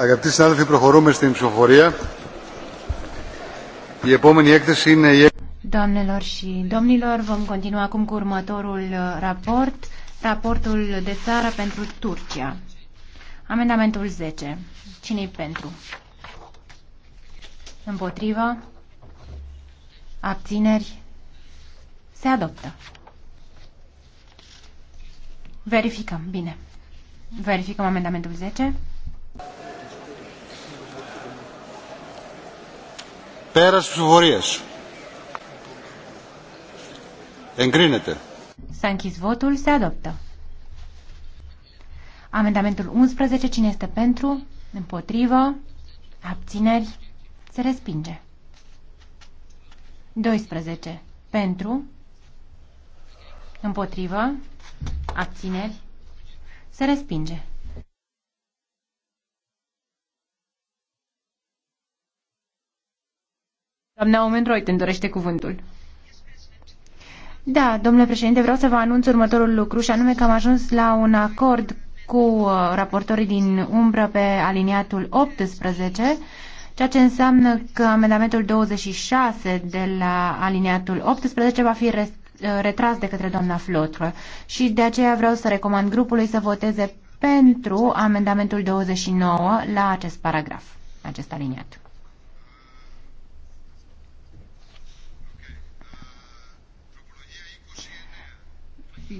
Αγαπητοί συνάδελφοι, προχωρούμε στην ψηφοφορία. Η επόμενη έκθεση είναι η Doamnelor și domnilor, vom continua acum cu următorul uh, raport, raportul de țară pentru Turcia. Amendamentul 10. Cine-i pentru? Împotrivă? Abțineri? Se adoptă. Verificăm. Bine. Verificăm amendamentul 10. Πέρας ψηφοφορίας. Εγκρίνεται. S-a închis votul, se adoptă. Amendamentul 11, cine este pentru? Împotrivă? Abțineri? Se respinge. 12. Pentru? Împotrivă? Abțineri? Se respinge. Doamna Omen Reuten dorește cuvântul. Da, domnule președinte, vreau să vă anunț următorul lucru și anume că am ajuns la un acord cu uh, raportorii din umbră pe aliniatul 18, ceea ce înseamnă că amendamentul 26 de la aliniatul 18 va fi retras de către doamna Flotră și de aceea vreau să recomand grupului să voteze pentru amendamentul 29 la acest paragraf, acest aliniat.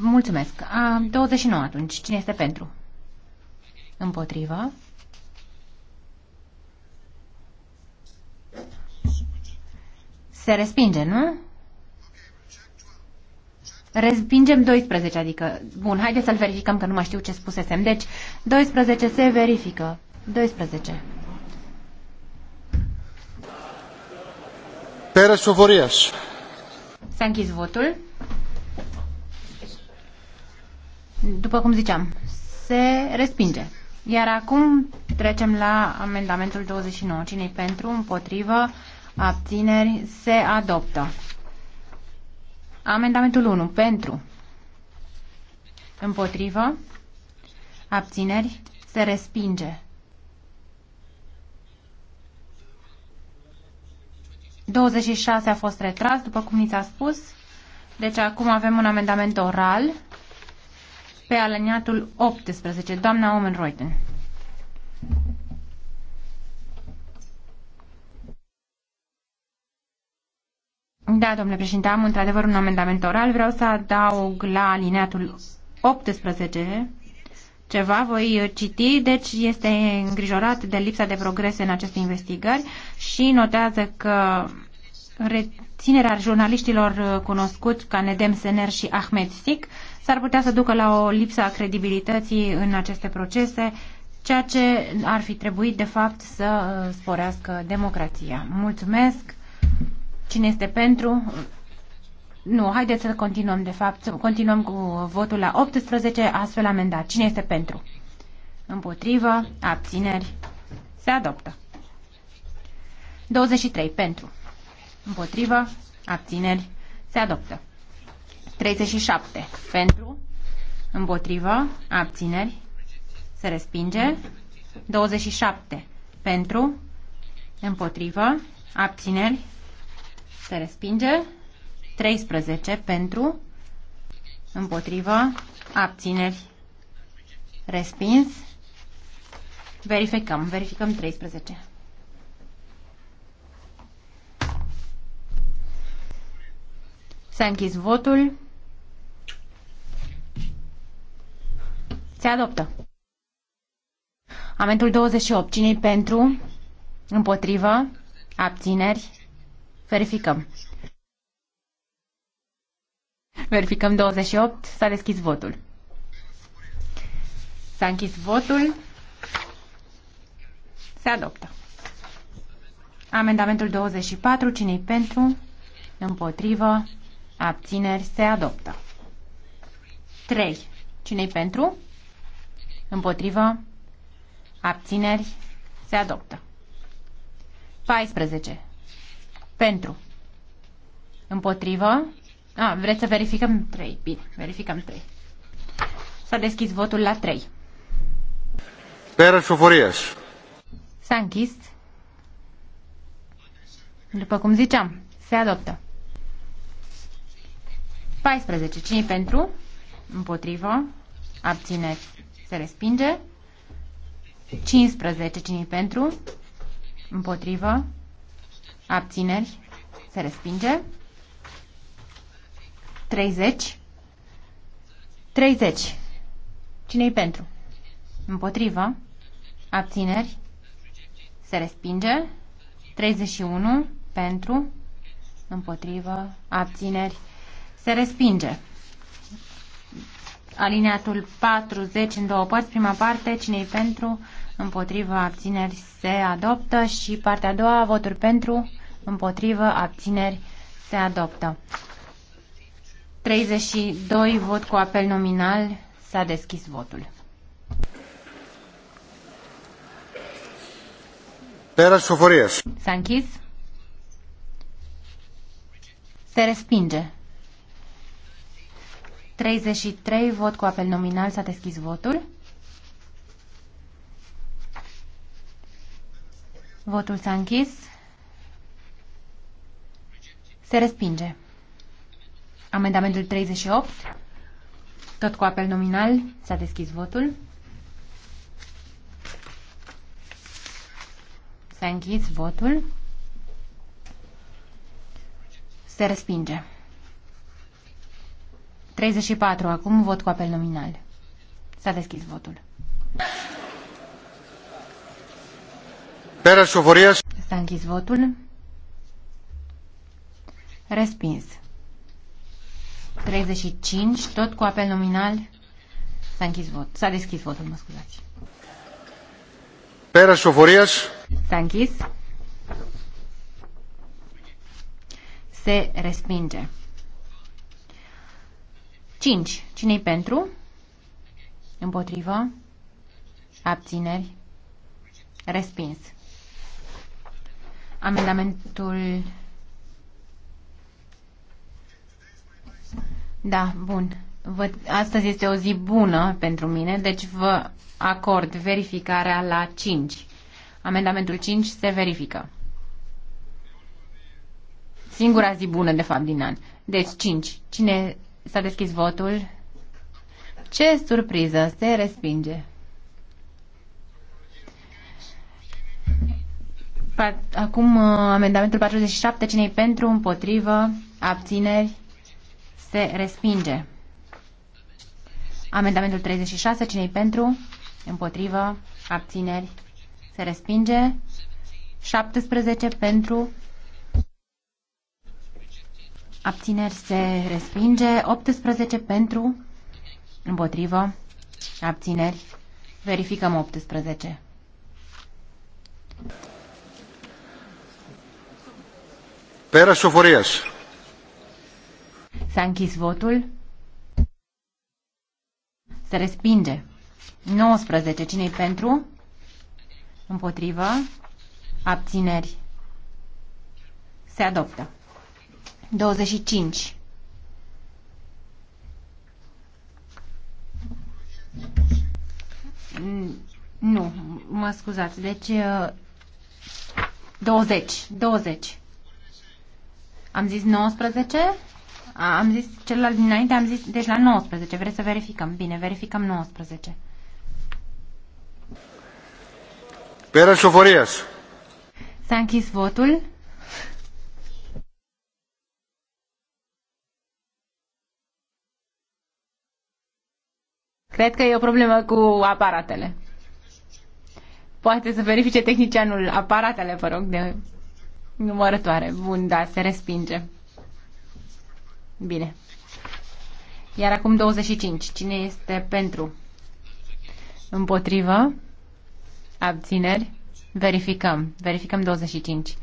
Mulțumesc. A, 29 atunci. Cine este pentru? Împotrivă. Se respinge, nu? Respingem 12, adică... Bun, haide să-l verificăm, că nu mai știu ce spusesem. Deci, 12 se verifică. 12. Pere Sovoriaș. S-a închis votul. După cum ziceam, se respinge. Iar acum trecem la amendamentul 29. Cine-i pentru, împotrivă, abțineri, se adoptă. Amendamentul 1. Pentru. Împotrivă. Abțineri. Se respinge. 26 a fost retras, după cum ni s-a spus. Deci acum avem un amendament oral pe aliniatul 18. Doamna Omen Reuten. Da, domnule președinte, am într-adevăr un amendament oral. Vreau să adaug la alineatul 18 ceva, voi citi, deci este îngrijorat de lipsa de progrese în aceste investigări și notează că reținerea jurnaliștilor cunoscuți ca Nedem Sener și Ahmed Sik s-ar putea să ducă la o lipsă a credibilității în aceste procese, ceea ce ar fi trebuit de fapt să sporească democrația. Mulțumesc! Cine este pentru? Nu, haideți să continuăm, de fapt, să continuăm cu votul la 18, astfel amendat. Cine este pentru? Împotrivă, abțineri, se adoptă. 23, pentru. Împotrivă, abțineri, se adoptă. 37, pentru. Împotrivă, abțineri, se respinge. 27, pentru. Împotrivă, abțineri, se respinge. 13 pentru, împotrivă, abțineri, respins. Verificăm, verificăm 13. S-a închis votul. Se adoptă. Amentul 28. cine pentru? Împotrivă? Abțineri? Verificăm. Verificăm 28. S-a deschis votul. S-a închis votul. Se adoptă. Amendamentul 24. cine pentru? Împotrivă. Abțineri. Se adoptă. 3. cine pentru? Împotrivă. Abțineri. Se adoptă. 14. Pentru. Împotrivă. A, vreți să verificăm 3. Bine, verificăm 3. S-a deschis votul la 3. Pera Șufuriaș. S-a închis. După cum ziceam, se adoptă. 14. cine pentru? Împotrivă. Abține. Se respinge. 15. cine pentru? Împotrivă. Abțineri. Se respinge. 30. 30. Cine-i pentru? Împotrivă. Abțineri. Se respinge. 31. Pentru. Împotrivă. Abțineri. Se respinge. Alineatul 40 în două părți. Prima parte. Cine-i pentru? Împotrivă abțineri se adoptă și partea a doua, voturi pentru, împotrivă, abțineri se adoptă. 32 vot cu apel nominal, s-a deschis votul. Pera Sofories. S-a închis. Se respinge. 33 vot cu apel nominal, s-a deschis votul. Votul s-a închis. Se respinge. Amendamentul 38. Tot cu apel nominal s-a deschis votul. S-a închis votul. Se respinge. 34. Acum vot cu apel nominal. S-a deschis votul. S-a închis votul. Respins. 35, tot cu apel nominal. S-a închis vot. S-a deschis votul, mă scuzați. Pera Șoforias. S-a închis. Se respinge. 5. Cine-i pentru? Împotrivă? Abțineri? Respins. Amendamentul... Da, bun. Vă... Astăzi este o zi bună pentru mine, deci vă acord verificarea la 5. Amendamentul 5 se verifică. Singura zi bună, de fapt, din an. Deci, 5. Cine s-a deschis votul? Ce surpriză! Se respinge. Acum uh, amendamentul 47, cine pentru, împotrivă, abțineri, se respinge. Amendamentul 36, cine pentru, împotrivă, abțineri, se respinge. 17 pentru, abțineri, se respinge. 18 pentru, împotrivă, abțineri, verificăm 18. Πέρα σοφορίας. S-a închis votul. Se respinge. 19. Cine-i pentru? Împotrivă. Abțineri. Se adoptă. 25. Nu, mă scuzați. Deci 20. Uh, 20. Am zis 19? A, am zis celălalt dinainte, am zis deci la 19. Vreți să verificăm? Bine, verificăm 19. Pera Soforias. S-a închis votul. Cred că e o problemă cu aparatele. Poate să verifice tehnicianul aparatele, vă rog, de Numărătoare. Bun, da, se respinge. Bine. Iar acum 25. Cine este pentru? Împotrivă? Abțineri? Verificăm. Verificăm 25.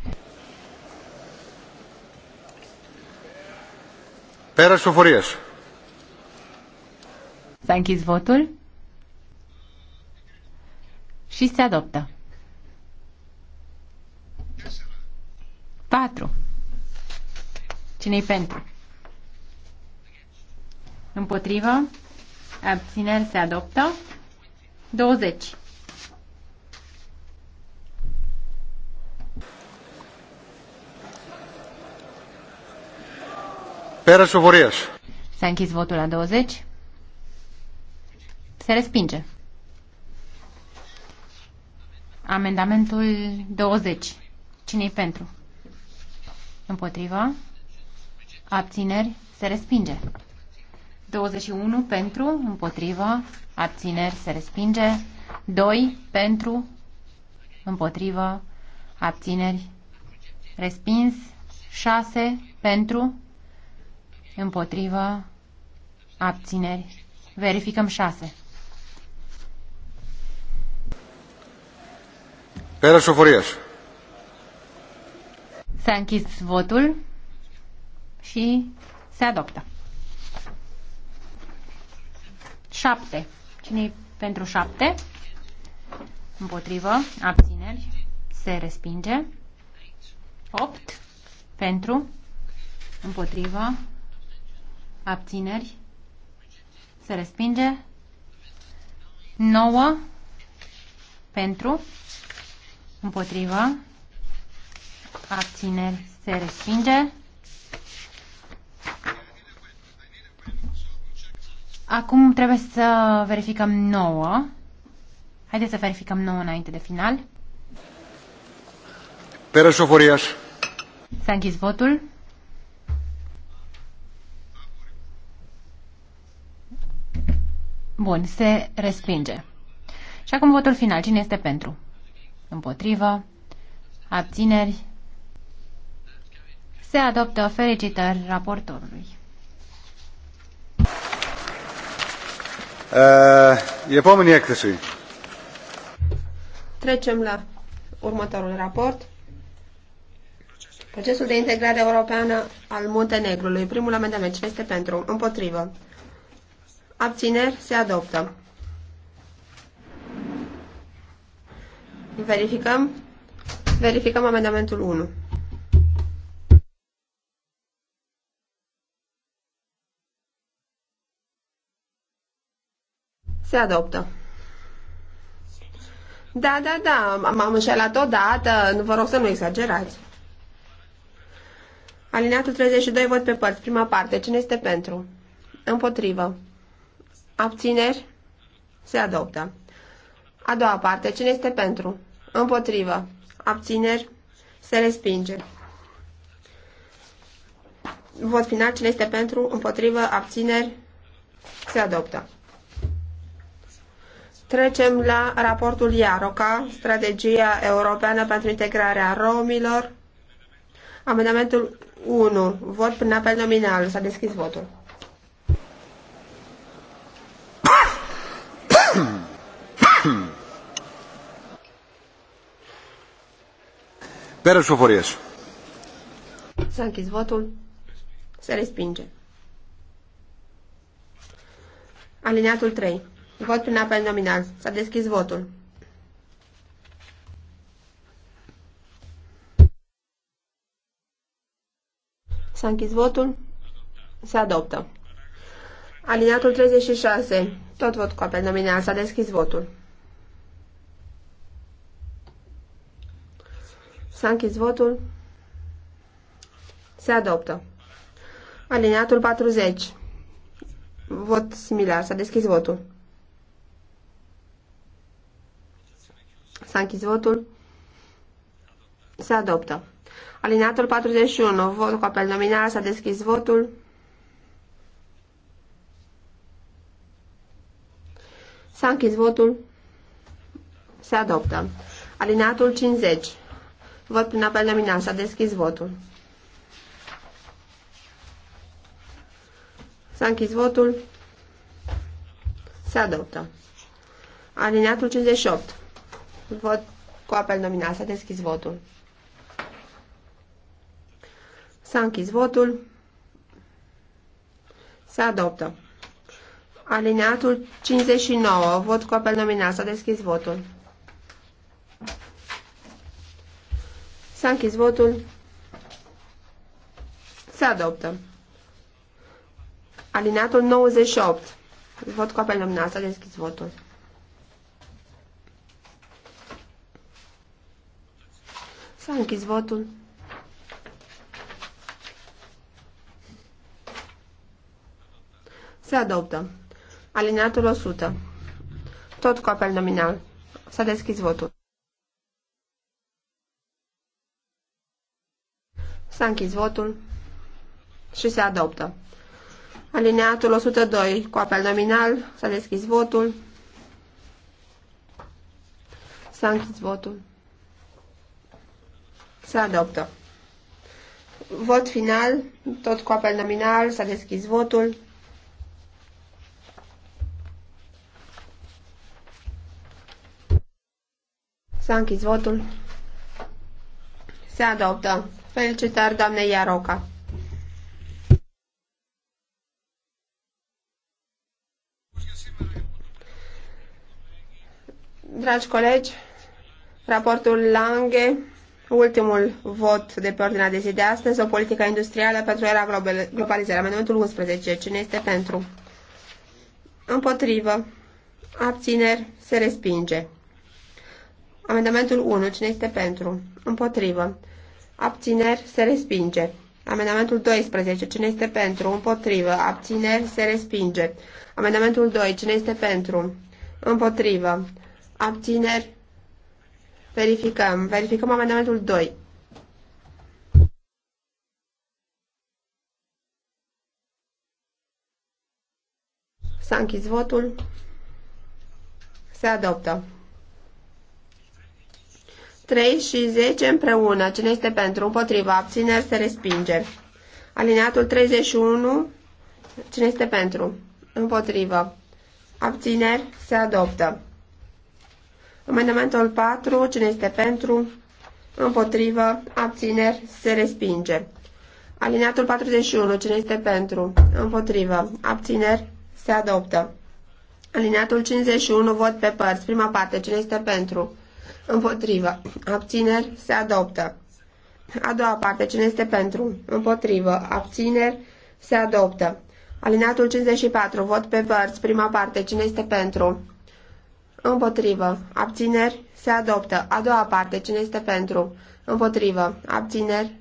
Pera Soforias. S-a închis votul și se adoptă. 4. Cine-i pentru? Împotrivă. Abțineri se adoptă. 20. Pera Șovoriaș. S-a închis votul la 20. Se respinge. Amendamentul 20. cine e pentru? Împotriva. Abțineri. Se respinge. 21 pentru, împotriva, abțineri, se respinge. 2 pentru, împotriva, abțineri, respins. 6 pentru, împotriva, abțineri. Verificăm 6. Pera Șoforiaș. S-a închis votul și se adoptă. 7. cine pentru 7? Împotrivă. Abțineri. Se respinge. 8. Pentru. Împotrivă. Abțineri. Se respinge. 9. Pentru. Împotrivă abțineri, se respinge. Acum trebuie să verificăm 9. Haideți să verificăm 9 înainte de final. Perășoforiaș. S-a închis votul. Bun, se respinge. Și acum votul final. Cine este pentru? Împotrivă? Abțineri? Se adoptă felicitări raportorului. Uh, pomenie έκθεση. Trecem la următorul raport. Procesul de integrare europeană al Muntenegrului. Primul amendament. Cine este pentru? Împotrivă. Abțineri. Se adoptă. Verificăm. Verificăm amendamentul 1. Se adoptă. Da, da, da, m-am înșelat odată, vă rog să nu exagerați. Alineatul 32, vot pe părți, prima parte. Cine este pentru? Împotrivă. Abțineri? Se adoptă. A doua parte. Cine este pentru? Împotrivă. Abțineri? Se respinge. Vot final. Cine este pentru? Împotrivă. Abțineri? Se adoptă. Trecem la raportul IAROCA, Strategia Europeană pentru Integrarea Romilor. Amendamentul 1. Vot prin apel nominal. S-a deschis votul. Pere Șoforieș. S-a închis votul. Se respinge. Alineatul 3. Vot prin apel nominal. S-a deschis votul. S-a închis votul. Se adoptă. Alineatul 36. Tot vot cu apel nominal. S-a deschis votul. S-a închis votul. Se adoptă. Alineatul 40. Vot similar. S-a deschis votul. S-a închis votul. Se adoptă. Alineatul 41. Vot cu apel nominal. S-a deschis votul. S-a închis votul. Se adoptă. Alineatul 50. Vot prin apel nominal. S-a deschis votul. S-a închis votul. Se adoptă. Alineatul 58. Vot cu apel nominal. S-a deschis votul. S-a închis votul. Se adoptă. Alineatul 59. Vot cu apel nominal. S-a deschis votul. S-a închis votul. Se adoptă. Alineatul 98. Vot cu apel nominal. S-a deschis votul. Să închizi votul. Se adoptă. Alineatul 100. Tot cu apel nominal. S-a deschis votul. S-a închis votul și se adoptă. Alineatul 102 cu apel nominal. S-a deschis votul. S-a închis votul. Se adoptă. Vot final, tot cu apel nominal, s-a deschis votul. S-a închis votul. Se adoptă. Felicitări, doamne Iaroca. Dragi colegi, raportul Lange Ultimul vot de pe ordinea de zi de astăzi, o politică industrială pentru era globalizării. Amendamentul 11. Cine este pentru? Împotrivă. Abțineri. Se respinge. Amendamentul 1. Cine este pentru? Împotrivă. Abțineri. Se respinge. Amendamentul 12. Cine este pentru? Împotrivă. Abțineri. Se respinge. Amendamentul 2. Cine este pentru? Împotrivă. Abțineri. Verificăm. Verificăm amendamentul 2. S-a închis votul. Se adoptă. 3 și 10 împreună. Cine este pentru? Împotriva. Abțineri se respinge. Alineatul 31. Cine este pentru? Împotrivă. Abțineri se adoptă. Amendamentul 4. Cine este pentru? Împotrivă. Abțineri. Se respinge. Alineatul 41. Cine este pentru? Împotrivă. Abțineri. Se adoptă. Alineatul 51. Vot pe părți. Prima parte. Cine este pentru? Împotrivă. Abțineri. Se adoptă. A doua parte. Cine este pentru? Împotrivă. Abțineri. Se adoptă. Alineatul 54. Vot pe părți. Prima parte. Cine este pentru? Împotrivă. Abțineri. Se adoptă. A doua parte. Cine este pentru? Împotrivă. Abțineri.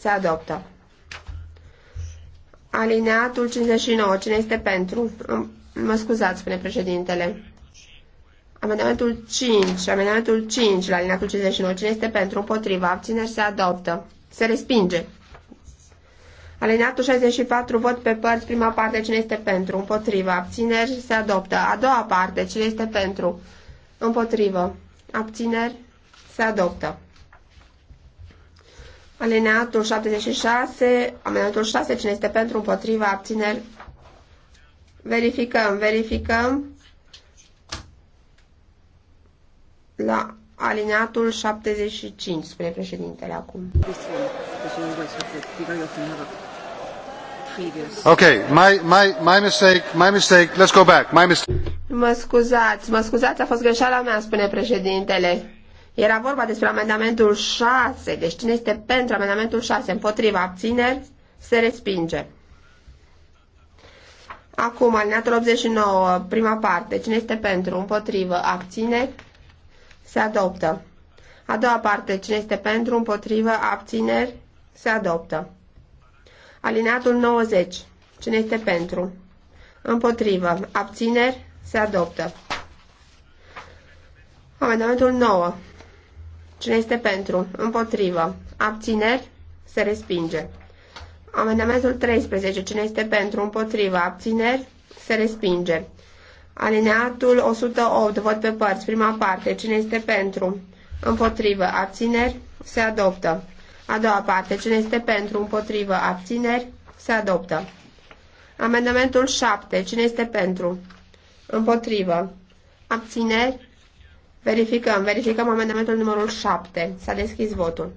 Se adoptă. Alineatul 59. Cine este pentru? Mă scuzați, spune președintele. Amendamentul 5. Amendamentul 5 la alineatul 59. Cine este pentru? Împotrivă. Abțineri. Se adoptă. Se respinge. Alineatul 64, vot pe părți, prima parte, cine este pentru? Împotrivă. Abțineri, se adoptă. A doua parte, cine este pentru? Împotrivă. Abțineri, se adoptă. Alineatul 76, alineatul 6, cine este pentru, Împotrivă. abțineri. Verificăm, verificăm la alineatul 75, spune președintele acum previous. Okay, my, my, my mistake, my mistake, let's go back, my mistake. Mă scuzați, mă scuzați, a fost greșeala mea, spune președintele. Era vorba despre amendamentul 6, deci cine este pentru amendamentul 6, împotriva abțineri, se respinge. Acum, alineatul 89, prima parte, cine este pentru, împotrivă, abțineri, se adoptă. A doua parte, cine este pentru, împotrivă, abțineri, se adoptă. Alineatul 90. Cine este pentru? Împotrivă. Abțineri? Se adoptă. Amendamentul 9. Cine este pentru? Împotrivă. Abțineri? Se respinge. Amendamentul 13. Cine este pentru? Împotrivă. Abțineri? Se respinge. Alineatul 108. Vot pe părți. Prima parte. Cine este pentru? Împotrivă. Abțineri? Se adoptă. A doua parte. Cine este pentru, împotrivă, abțineri, se adoptă. Amendamentul 7. Cine este pentru? Împotrivă. Abțineri? Verificăm. Verificăm amendamentul numărul 7. S-a deschis votul.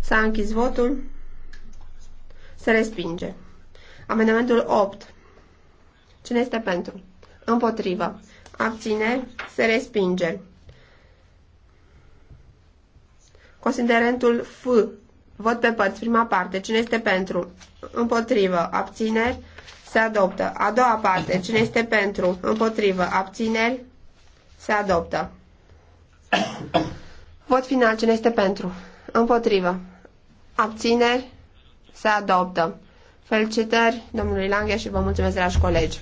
S-a închis votul. Se respinge. Amendamentul 8. Cine este pentru? Împotrivă abține, se respinge. Considerentul F, vot pe părți, prima parte, cine este pentru, împotrivă, abțineri, se adoptă. A doua parte, cine este pentru, împotrivă, abțineri, se adoptă. Vot final, cine este pentru, împotrivă, abțineri, se adoptă. Felicitări domnului Lange și vă mulțumesc, dragi colegi!